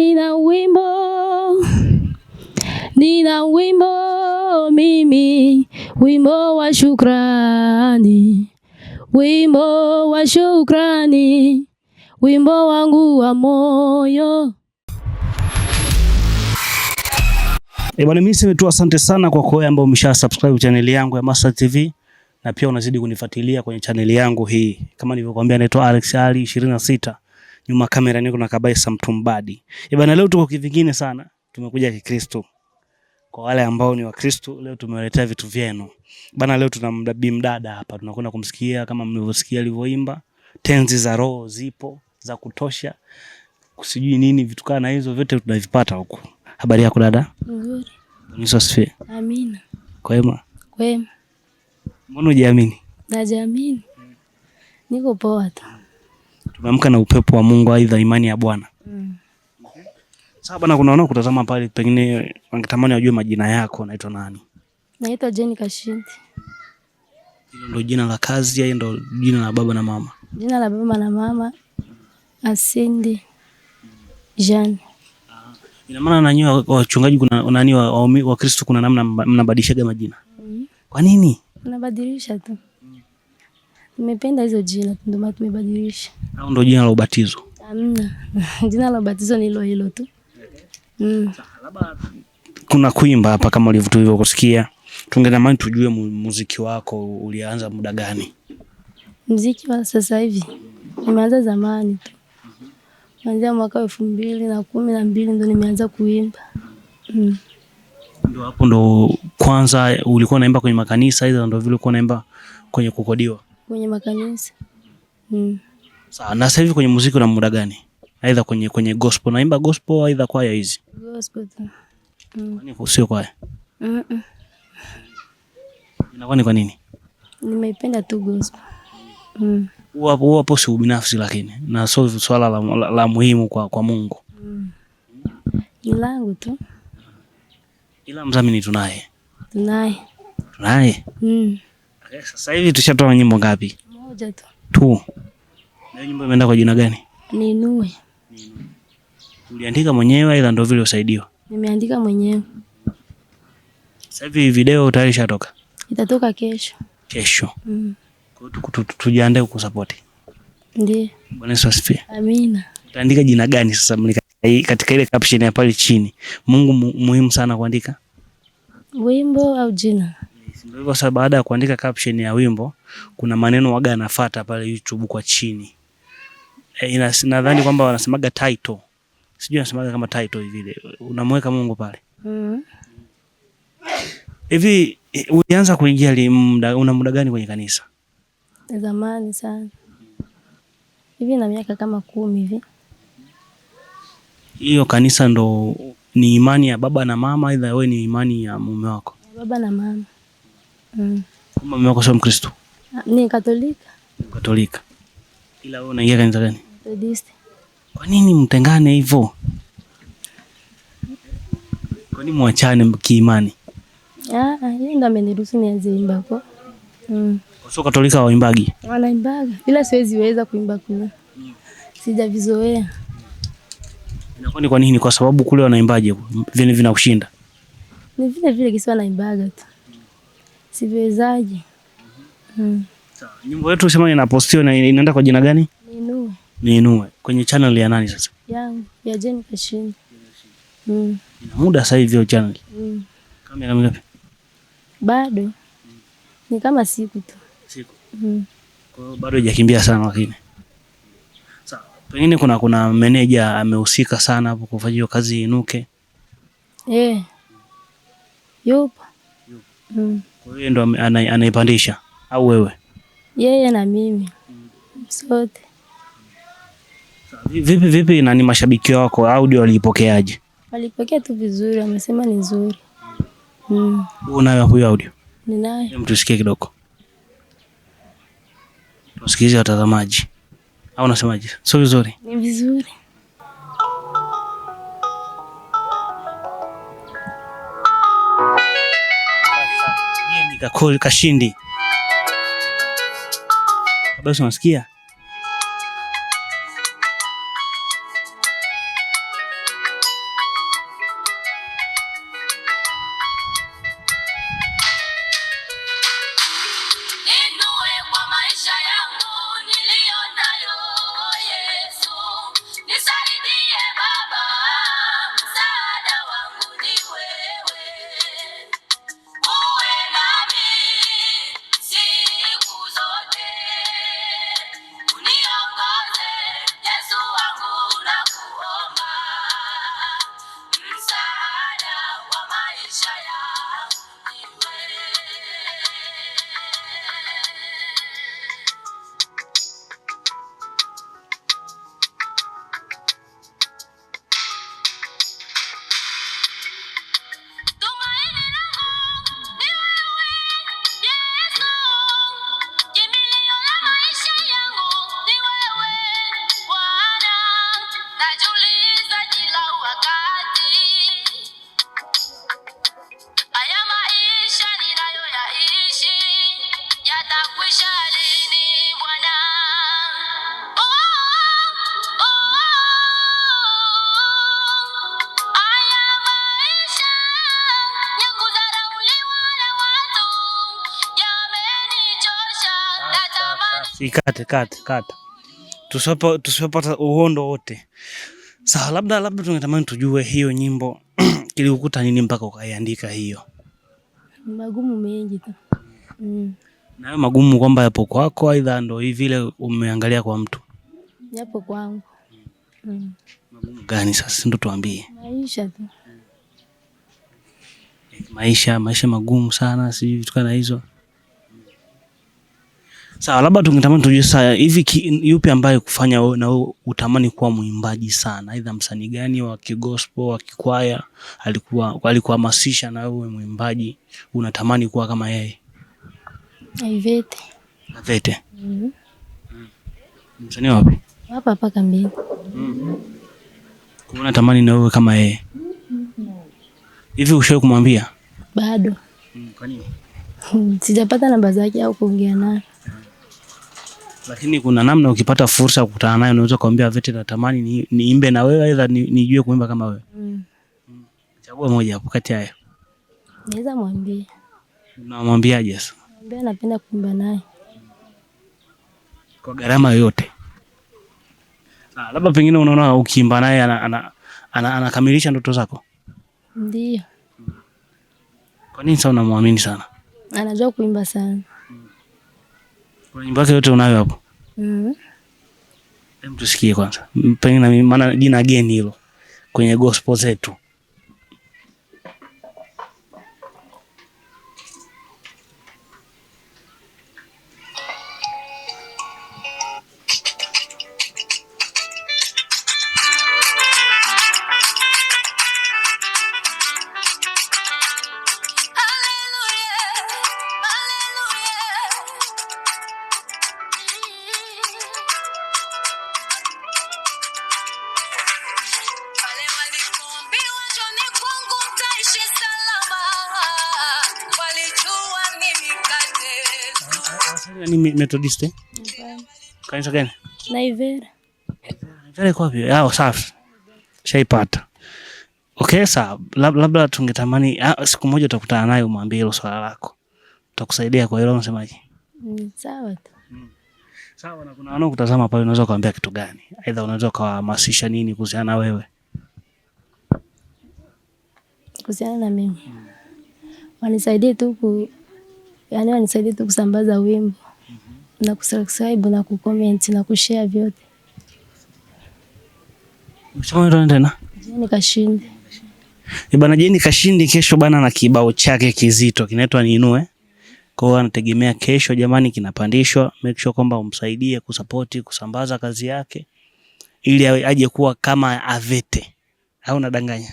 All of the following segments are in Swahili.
Nina wimbo, nina wimbo mimi, wimbo wa shukrani, wimbo wa shukrani, wimbo wangu wa moyo. E bwana, mimi sema tu asante sana kwa kwa ambao umesha subscribe channel yangu ya Masta TV na pia unazidi kunifuatilia kwenye chaneli yangu hii. Kama nilivyokuambia, naitwa Alex Ali 26 nyuma kamera niko na kabaisa mtu mbadi. Eh leo tuko kivingine sana, tumekuja Kikristo. Kwa wale ambao ni Wakristo, leo tumewaletea vitu vyenu bana. Leo tuna mdabi mdada hapa, tunakwenda kumsikia kama mlivyosikia alivyoimba. Tenzi za roho zipo za kutosha, sijui nini vitu na hizo vyote tunavipata huku. Habari yako dada? Nzuri. Yesu asifiwe. Amina. Kwema? Kwema. Mbona hujiamini? Najiamini. Niko poa tu tumeamka na upepo wa Mungu, aidha imani ya Bwana mm. Sasa bwana, kuna wanaokutazama pale, pengine wangetamani wajue majina yako, naitwa nani? Naitwa Jeni Kashindi. Hilo ndo jina la kazi au ndo jina la baba na mama? Jina la baba na mama Asindi Jean. Ah, ina maana na wachungaji kuna nani wa Kristo kuna namna mnabadilishaga majina? Mm. Kwa nini? Unabadilisha tu. Nimependa hizo jina ndio maana tumebadilisha. Au ndio jina la ubatizo? Hamna. Jina la ubatizo ni hilo hilo tu. Mm. Kuna kuimba hapa kama kusikia. tungetamani tujue muziki wako ulianza muda gani? Muziki wa sasa hivi nimeanza zamani tu, kuanzia mwaka elfu mbili na kumi na mbili ndo nimeanza kuimba. Mm. Ndio hapo ndo kwanza ulikuwa unaimba kwenye makanisa, hizo ndo vile ulikuwa unaimba kwenye kukodiwa? kwenye makanisa mm. Sawa. Na sasa hivi kwenye muziki una muda gani? Aidha kwenye kwenye gospel naimba gospel, aidha kwaya hizi gospel tu mm. Sio kwaya mm -mm. Inakuwa ni kwa nini? Nimeipenda tu gospel mm. Hapo posi ubinafsi, lakini na so swala la, la, la muhimu kwa, kwa Mungu mm. Ilangu tu ila mzamini tunaye tunaye tunaye mm. Eh, sasa hivi tushatoa nyimbo ngapi? Moja tu. Tu. Na nyimbo imeenda kwa jina gani? Ninue. Ninue. Uliandika mwenyewe ila ndio vile usaidiwa? Nimeandika mwenyewe. Sasa hivi video tayari ishatoka? Itatoka kesho. Kesho. Mm. Kwa hiyo tujiandae kukusupport. Ndiyo. Bwana Yesu asifiwe. Amina. Utaandika jina gani sasa katika ile caption ya pale chini? Mungu muhimu sana kuandika. Wimbo au jina? Ndio hivyo sasa, baada ya kuandika caption ya wimbo, kuna maneno waga yanafuata pale YouTube kwa chini. E, nadhani kwamba wanasemaga title. Sijui anasemaga kama title hivi vile. Unamweka Mungu pale. Mm. Hivi ulianza kuingia muda una muda gani kwenye kanisa? Zamani sana. Hivi na miaka kama kumi hivi. Hiyo kanisa ndo ni imani ya baba na mama, aidha wewe ni imani ya mume wako? Baba na mama. Mm. Mume wako sio Mkristo? Ah, ni Katolika. Katolika. Ila wewe unaingia kanisa gani? Methodist. Kwa nini mtengane hivyo? Kwa nini mwachane kiimani? Ah, ah yeye ndo ameniruhusu nianze imba kwa. Mm. Kwa Sio Katolika waimbagi? Wanaimbaga. Ila siwezi weza kuimba kule. Sijavizoea. Inakuwa ni kwa nini? Kwa sababu kule wanaimbaje vile vinakushinda? Ni vile vile kisiwa naimbaga tu siwezaje. Mm. Sawa. Nyimbo yetu usema inapostiwa na inaenda kwa jina gani? Niinue. Niinue. Kwenye channel ya nani sasa? Yangu, ya Jane Kashini. Mm. mm. Ina muda sasa hivi channel. Mm. Kamera ngapi? Bado. Mm. Ni kama siku tu. Siku. Mm. Kwa hiyo bado haijakimbia sana lakini. Sawa. Pengine kuna kuna meneja amehusika sana hapo kufanya kazi inuke. Eh. Yupo. Yupo. Mm. Wewe ndo anaipandisha au wewe? Yeye na mimi sote. Vipi vipi, nani mashabiki wako audio waliipokeaje? Walipokea tu vizuri, wamesema ni nzuri. Mm. Unayo huyo audio? Ninayo. tusikie kidogo. Tusikilize watazamaji. Au unasemaje? Sio vizuri? Ni vizuri. Kakoli kashindi. Basi unasikia? Ninue kwa maisha yangu. Ikate oh, oh, oh. kate kata, tusiopata uondo wote. Sawa, labda labda tungetamani tujue hiyo nyimbo kilikukuta nini mpaka ukaiandika hiyo? Magumu mengi tu. Mm. Na hayo magumu kwamba yapo kwako, aidha ndo hivi vile umeangalia kwa mtu? Yapo kwangu. Mm. Magumu gani sasa, ndo tuambie. Maisha tu. Eh, maisha, maisha magumu sana, sijui vitu kana hizo. Sawa, labda tungetamani tujue sasa hivi yupi ambaye kufanya wewe na wewe utamani kuwa mwimbaji sana, aidha msanii gani wa kigospel wa kikwaya alikuwa alikuhamasisha na wewe mwimbaji unatamani kuwa kama yeye? Ivete. Ivete. Mhm. Mm. Msanii wapi? Hapa hapa kambini. Mm. Mm-hmm. Kuna tamani na wewe kama yeye. Mm-hmm. Hivi ushawahi kumwambia? Bado. Mm, kwa nini? Hmm, sijapata namba zake au kuongea naye. Lakini kuna namna ukipata fursa ya kukutana naye unaweza kumwambia Vete, natamani ni, niimbe na wewe aidha nijue ni kuimba kama wewe. Hmm. Mm. Chagua moja hapo kati yao. Naweza mwambia. Unamwambiaje sasa? ambaye anapenda kuimba naye kwa gharama yoyote. Ah, labda pengine unaona ukiimba naye anakamilisha ana, ana, ana ndoto zako. Ndio. Kwa nini sasa unamwamini sana? Anajua kuimba sana. Kwa nyimbo yake yote unayo hapo? Mhm. Hem, tusikie kwanza. Pengine maana jina geni hilo kwenye gospel zetu. ni yaani Methodist eh? Kanisa gani? Naivera. Naivera iko wapi? Ah, safi. Shaipata. Okay, sawa. Labda tungetamani ah, siku moja utakutana naye umwambie hilo swala lako. Tutakusaidia kwa hilo unasemaje? Mm, sawa tu. Mm. Sawa na kuna wanaokutazama pale unaweza kuambia kitu gani? Aidha unaweza kuhamasisha nini kuhusiana na wewe? Kuhusiana na mimi. Wanisaidie tu ku yani wanisaidie tu kusambaza wimbo na kusubscribe na kucomment na kushare vyote. Tena Jeni Kashindi eh, bana, Jeni Kashindi kesho bana, na kibao chake kizito kinaitwa Niinue. Kwa hiyo anategemea kesho, jamani, kinapandishwa. Make sure kwamba umsaidie kusapoti kusambaza kazi yake ili aje kuwa kama Avete au nadanganya?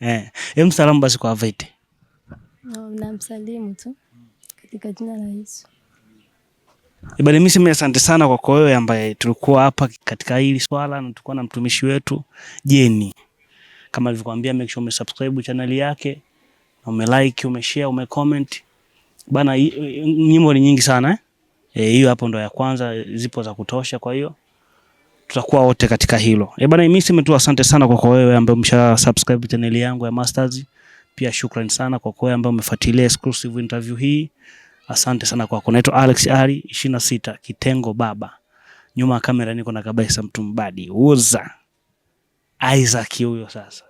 Mm-hmm. Eh, salamu basi kwa Avete. No, Namsalimu tu katika jina la Yesu. Ibali, mimi sema asante sana kwako wewe ambaye tulikuwa hapa katika hili swala na tulikuwa na mtumishi wetu Jeni. Kama alivyokuambia, make sure umesubscribe channel yake, na umelike, umeshare, umecomment. Bana, nyimbo ni nyingi sana eh? eh. Hiyo hapo ndo ya kwanza, zipo za kutosha, kwa hiyo tutakuwa wote katika hilo. Eh, bana, mimi sema tu asante sana kwako wewe ambaye umesha subscribe channel yangu ya Mastaz. Pia shukrani sana kwako wewe ambaye umefuatilia exclusive interview hii. Asante sana kwako. Naitwa Alex Ali 26 kitengo baba. Nyuma ya kamera niko na mtu mbadi Uza Isaac huyo sasa.